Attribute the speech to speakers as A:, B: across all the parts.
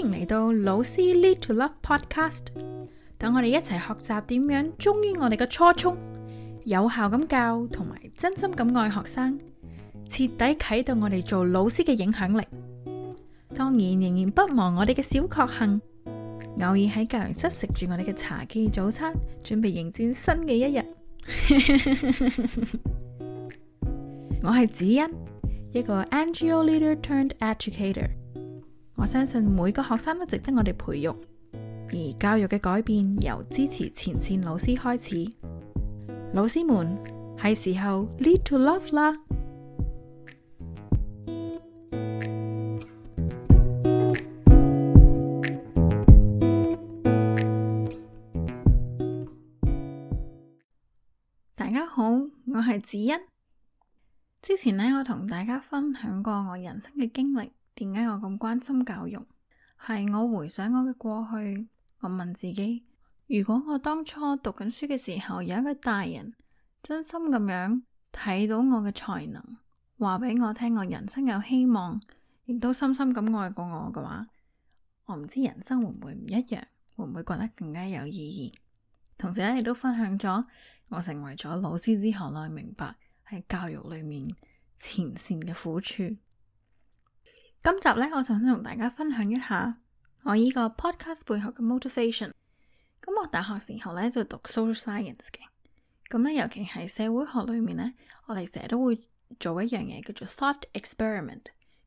A: 歡迎嚟到老師 Lead to Love Podcast，等我哋一齊學習點樣忠於我哋嘅初衷，有效咁教同埋真心咁愛學生，徹底啟動我哋做老師嘅影響力。當然仍然不忘我哋嘅小確幸，偶爾喺教研室，食住我哋嘅茶記早餐，準備迎戰新嘅一日。 我係子欣，一個 NGO leader turned educator。Turn ed educ 我相信每個學生都值得我哋培育，而教育嘅改變由支持前線老師開始。老師們係時候 lead to love 啦！大家好，我係子欣。之前呢，我同大家分享過我人生嘅經歷。點解我咁關心教育？係我回想我嘅過去，我問自己：如果我當初讀緊書嘅時候，有一個大人真心咁樣睇到我嘅才能，話畀我聽我人生有希望，亦都深深咁愛過我嘅話，我唔知人生會唔會唔一樣，會唔會覺得更加有意義？同時咧，亦都分享咗我成為咗老師之後，內明白喺教育裏面前線嘅苦處。今集咧，我就想同大家分享一下我依個 podcast 背後嘅 motivation。咁我大學時候咧就讀 social science 嘅，咁咧尤其係社會學裏面咧，我哋成日都會做一樣嘢叫做 thought experiment。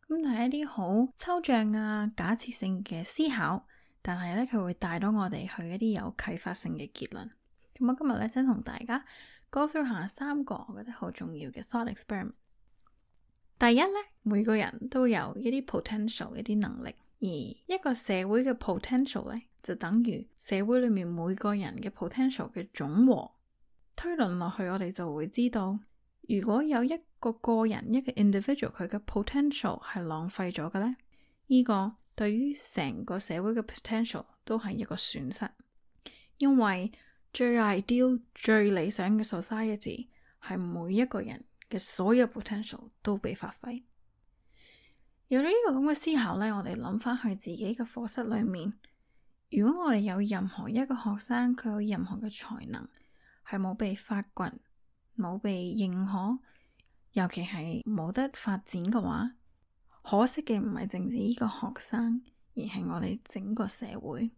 A: 咁就係一啲好抽象啊、假設性嘅思考，但係咧佢會帶到我哋去一啲有啟發性嘅結論。咁我今日咧想同大家 go through 下三個我覺得好重要嘅 thought experiment。第一咧，每個人都有一啲 potential 一啲能力，而一個社會嘅 potential 咧，就等於社會裏面每個人嘅 potential 嘅總和。推論落去，我哋就會知道，如果有一個個人一個 individual 佢嘅 potential 係浪費咗嘅呢呢個對於成個社會嘅 potential 都係一個損失，因為最 ideal、最理想嘅 society 係每一個人。嘅所有 potential 都被發揮。有咗呢個咁嘅思考呢，我哋諗翻去自己嘅課室裏面，如果我哋有任何一個學生佢有任何嘅才能係冇被發掘、冇被認可，尤其係冇得發展嘅話，可惜嘅唔係淨止呢個學生，而係我哋整個社會。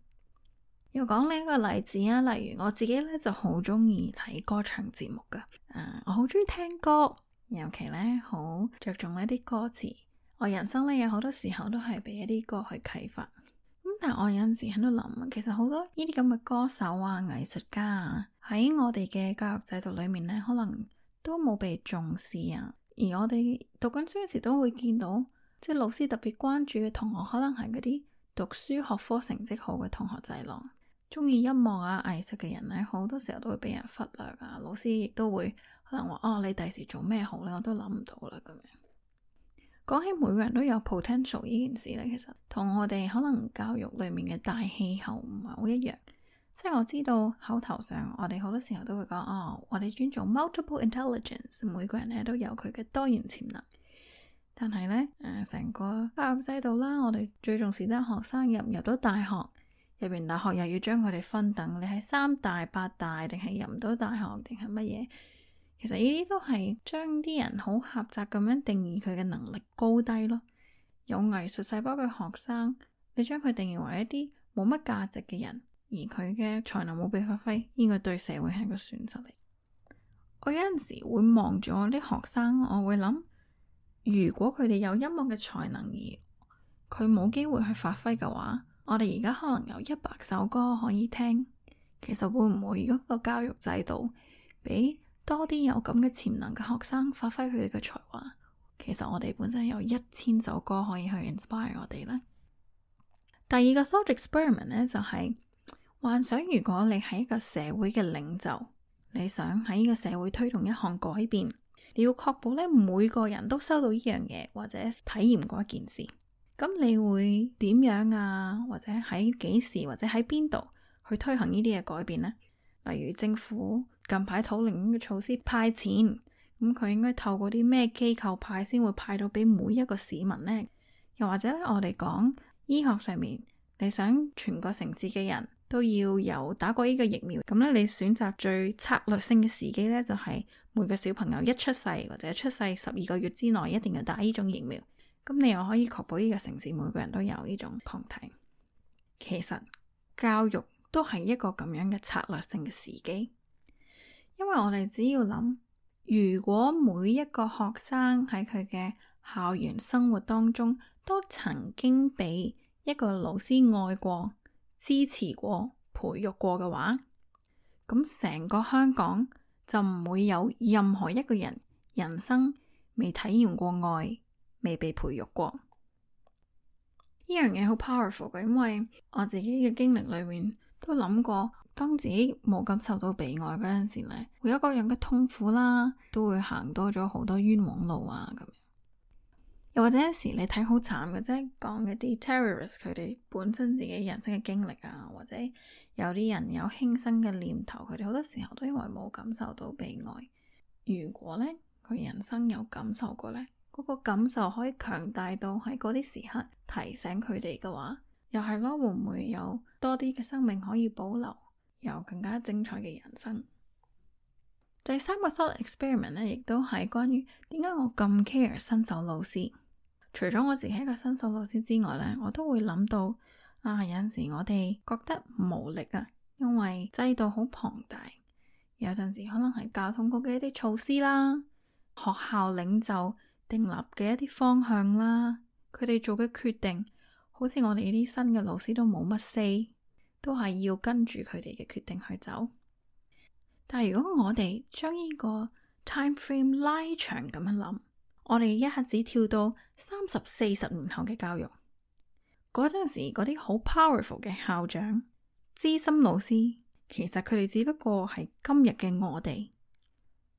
A: 又講另一個例子啊，例如我自己呢，就好中意睇歌唱節目噶，誒，我好中意聽歌。尤其咧好着重一啲歌詞，我人生咧有好多時候都係俾一啲歌去啟發咁。但係我有陣時喺度諗，其實好多呢啲咁嘅歌手啊、藝術家啊，喺我哋嘅教育制度裏面咧，可能都冇被重視啊。而我哋讀緊書嗰時都會見到，即係老師特別關注嘅同學，可能係嗰啲讀書學科成績好嘅同學仔咯。鍾意音樂啊、藝術嘅人咧，好多時候都會俾人忽略啊。老師亦都會可能話：哦，你第時做咩好咧？我都諗唔到啦。咁樣講起每個人都有 potential 呢件事咧，其實同我哋可能教育裏面嘅大氣候唔係好一樣。即係我知道口頭上，我哋好多時候都會講：哦，我哋尊重 multiple intelligence，每個人咧都有佢嘅多元潛能。但係咧，誒、呃，成個教育制度啦，我哋最重視得學生入唔入到大學。入邊大學又要將佢哋分等，你係三大八大，定係入唔到大學，定係乜嘢？其實呢啲都係將啲人好狹窄咁樣定義佢嘅能力高低咯。有藝術細胞嘅學生，你將佢定義為一啲冇乜價值嘅人，而佢嘅才能冇被發揮，呢個對社會係一個損失嚟。我有陣時會望住我啲學生，我會諗，如果佢哋有音樂嘅才能，而佢冇機會去發揮嘅話。我哋而家可能有一百首歌可以聽，其實會唔會如果個教育制度俾多啲有咁嘅潛能嘅學生發揮佢哋嘅才華？其實我哋本身有一千首歌可以去 inspire 我哋呢。第二個 thought experiment 咧，就係幻想如果你係一個社會嘅領袖，你想喺呢個社會推動一項改變，你要確保咧每個人都收到呢樣嘢或者體驗過一件事。咁你會點樣啊？或者喺幾時或者喺邊度去推行呢啲嘅改變呢？例如政府近排討論嘅措施派錢，咁佢應該透過啲咩機構派先會派到俾每一個市民呢？又或者我哋講醫學上面，你想全個城市嘅人都要有打過呢個疫苗，咁咧你選擇最策略性嘅時機咧，就係每個小朋友一出世或者出世十二個月之內一定要打呢種疫苗。咁你又可以確保呢個城市每個人都有呢種抗體。其實教育都係一個咁樣嘅策略性嘅時機，因為我哋只要諗，如果每一個學生喺佢嘅校園生活當中都曾經被一個老師愛過、支持過、培育過嘅話，咁成個香港就唔會有任何一個人人生未體驗過愛。未被培育過，呢樣嘢好 powerful 嘅，因為我自己嘅經歷裏面都諗過，當自己冇感受到被愛嗰陣時呢，會有各樣嘅痛苦啦，都會行多咗好多冤枉路啊，咁又或者有時你睇好慘嘅，即係講一啲 terrorist，佢哋本身自己人生嘅經歷啊，或者有啲人有輕生嘅念頭，佢哋好多時候都因為冇感受到被愛。如果呢，佢人生有感受過呢。嗰個感受可以強大到喺嗰啲時刻提醒佢哋嘅話，又係咯，會唔會有多啲嘅生命可以保留，有更加精彩嘅人生。第三個 thought experiment 呢，亦都係關於點解我咁 care 新手老師。除咗我自己一個新手老師之外呢，我都會諗到啊，有陣時我哋覺得無力啊，因為制度好龐大，有陣時可能係教育局嘅一啲措施啦，學校領袖。定立嘅一啲方向啦，佢哋做嘅決定，好似我哋呢啲新嘅老師都冇乜 say，都係要跟住佢哋嘅決定去走。但係如果我哋將呢個 time frame 拉長咁樣諗，我哋一下子跳到三十四十年後嘅教育，嗰陣時嗰啲好 powerful 嘅校長、資深老師，其實佢哋只不過係今日嘅我哋。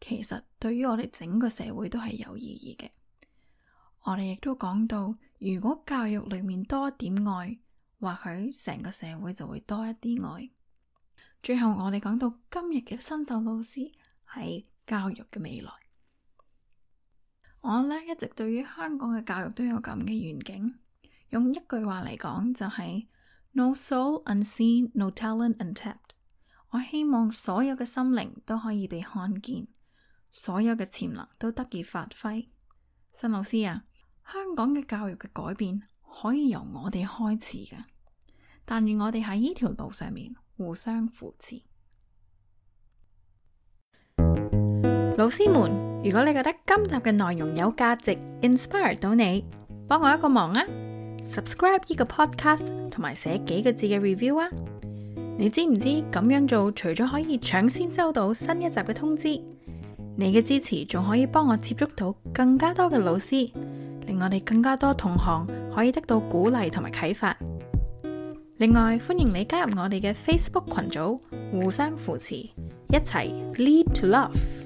A: 其實對於我哋整個社會都係有意義嘅。我哋亦都講到，如果教育裏面多一點愛，或許成個社會就會多一啲愛。最後我哋講到今日嘅新秀老師係教育嘅未來。我呢，一直對於香港嘅教育都有咁嘅願景，用一句話嚟講就係，是，“no soul unseen, no talent untapped”。我希望所有嘅心靈都可以被看見。所有嘅潛能都得以發揮。新老師啊，香港嘅教育嘅改變可以由我哋開始㗎。但願我哋喺呢條路上面互相扶持。老師們，如果你覺得今集嘅內容有價值，inspire 到你，幫我一個忙啊，subscribe 呢個 podcast，同埋寫幾個字嘅 review 啊。你知唔知咁樣做，除咗可以搶先收到新一集嘅通知？你嘅支持仲可以幫我接觸到更加多嘅老師，令我哋更加多同行可以得到鼓勵同埋啟發。另外，歡迎你加入我哋嘅 Facebook 群組，互相扶持，一齊 Lead to Love。